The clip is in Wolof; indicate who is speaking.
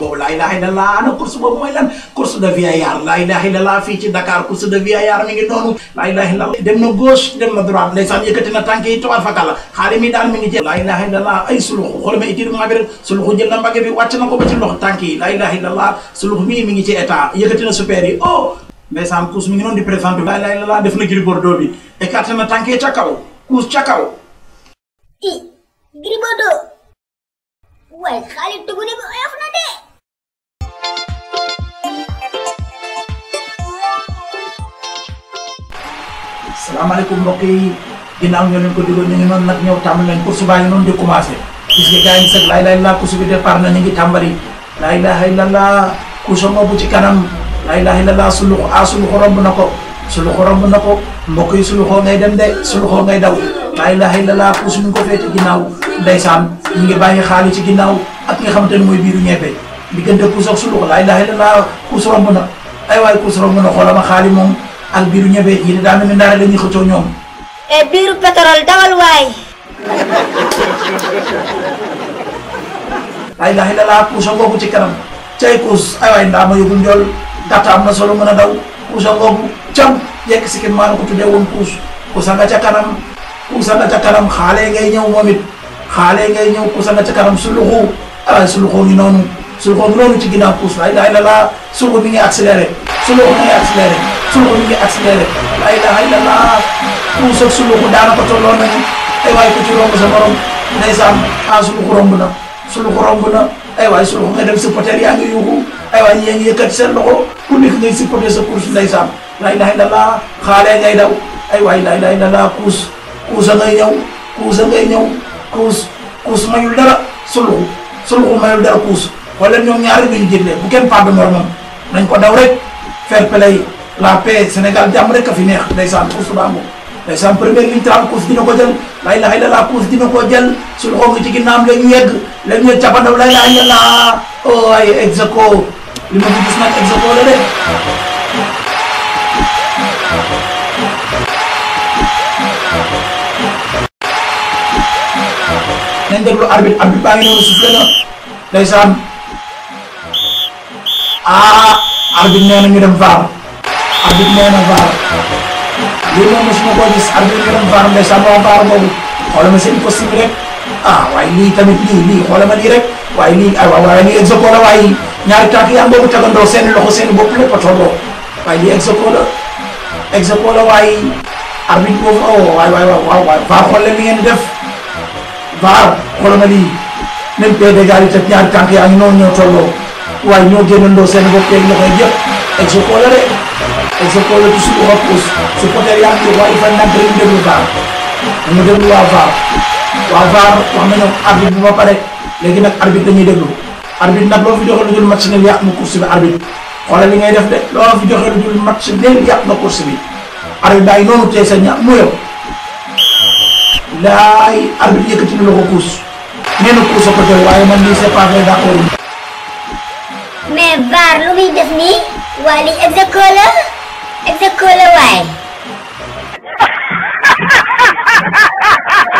Speaker 1: boobu laa ilaaha illallah ana course boobu mooy lan course de vieillard laa ilaaha illallah fii ci Dakar course de vieillard mi ngi noonu laa ilaaha illallah dem na gauche dem na droite ndeysaan yëkkati na tànk yi tubaab fakala xaale mi daal mi ngi jël laa ilaaha illallah ay suluxu xool ma étirement bi rek suluxu jël na mbagg bi wàcc na ko ba ci loxo tànk yi laa ilaaha illallah suluxu mii mi ngi ci état yëkkati na super yi oh ndeysaan kuus mi ngi noonu di présenté def na Gris Bordeaux na tànkee ca kaw kuus ca kaw i Gris Bordeaux waaye xaalis dugg ni bi na de salaamaaleykum mbokk yi ginnaaw ñoo ñu ngi noonu nag ñëw tàmbali leen course baa ngi noonu di commencé gis nga gars yi sax laay laay laa course bi na ñu ngi tàmbali laay laay laa kuusa moo bu ci kanam laa ilaaha illallaah suluxu a suluxu romb na ko suluxu romb na ko mbokk yi suluxoo ngay dem de suluxoo ngay daw laa ilaaha illallaah ku suñu ko féete ginnaaw ndeysaan ñu ngi bàyyi xaalis ci ginnaaw ak xam xamante ne mooy biiru ñebe diggante kuus ak suluxu laa ilaaha illallaah kuus romb na ay waay kuus romb na xoolama xaali moom ak biiru ñebe yi de daanaka la ñuy xëccoo ñoom. et biiru pétrole dawal waay. laa ilaaha illallaah kuus a ngoogu ci kanam cay kuus ay waay ndaa tata am na solo mën a daw kuusa ngoogu cam yekk si kin maa ko tuddee woon kuus kuusa nga ca kanam kuusa nga ca kanam xaale ngay ñëw moom it xaale ngay ñëw kuusa nga ca kanam suluxu ah suluxu ngi noonu suluxu ngi noonu ci ginnaaw kuus la ilaha laa suluxu mi ngi accéléré suluxu mi ngi accéléré suluxu mi ngi accéléré la ilaha illallah kuus ak suluxu daanaka waay ku ci sa morom ndeysaan ah suluxu romb na suluxu romb na ay waay solo nga dem supporter yaa ngi yuuxu ay waay yaa ngi yëkkati seen loxo ku nekk ngay supporter sa course ndeysaan la ilaha illallah xaale ngay daw ay waay la ilaha illallah kuus kuusa ngay ñëw a ngay ñëw kuus kuus mayul dara suluxu suluxu mayul dara kuus wala ñoom ñaari duñu jëndee bu kenn pàdd moromam nañ ko daw rek fair play la paix Sénégal jàmm rek a fi neex ndeysaan kuus baa ngoog ndeysaan première ligne trente course dina ko jël la ilaha illallah dina ko jël sul xoog ci ginnaam la yegg la yegg cappandaw la ilaha illallah oh ay execo li ma fi gis nag execo la de nañ déglu arbitre arbitre baa ngi noonu soufflé na ndeysaan ah arbitre nee na ñu dem VAR arbitre nee lii moom mosuma koo gis ak lii borom faar ndeysaan borom faar boobu xoolal ma seen costume rek ah waaye lii tamit lii lii ma rek waaye lii ay ah, waaw waaye lii exoco la waaye ñaari seen loxo seen bopp lépp a tolloo waaye lii exoco la exoco la waaye arbitre boobu awoo oh, waay li ngeen di def vaar xoolal ma lii même PDG yi teg ñaari tànk yaa ngi ñoo tolloo waaye ñoo génnandoo seen bopp yeeg loxo yëpp exoco la Exopole tusiku hopus supporter yaa ngi waaye fan nag dañu déglu VAR dama déglu waa VAR waa VAR wax na ñoom arbitre bi ba pare léegi nag arbitre dañuy déglu arbitre nag loo fi joxe lu dul match nul yàq na course bi arbitre xoolal li ngay de loo fi joxe lu dul match nul yàq daay noonu tey sa ña mu yow laay arbitre yëkkati na la ko course nee na course ko tey waaye man lii c'est pas vrai d'accord mais lu muy def nii waa li It's a cooler way.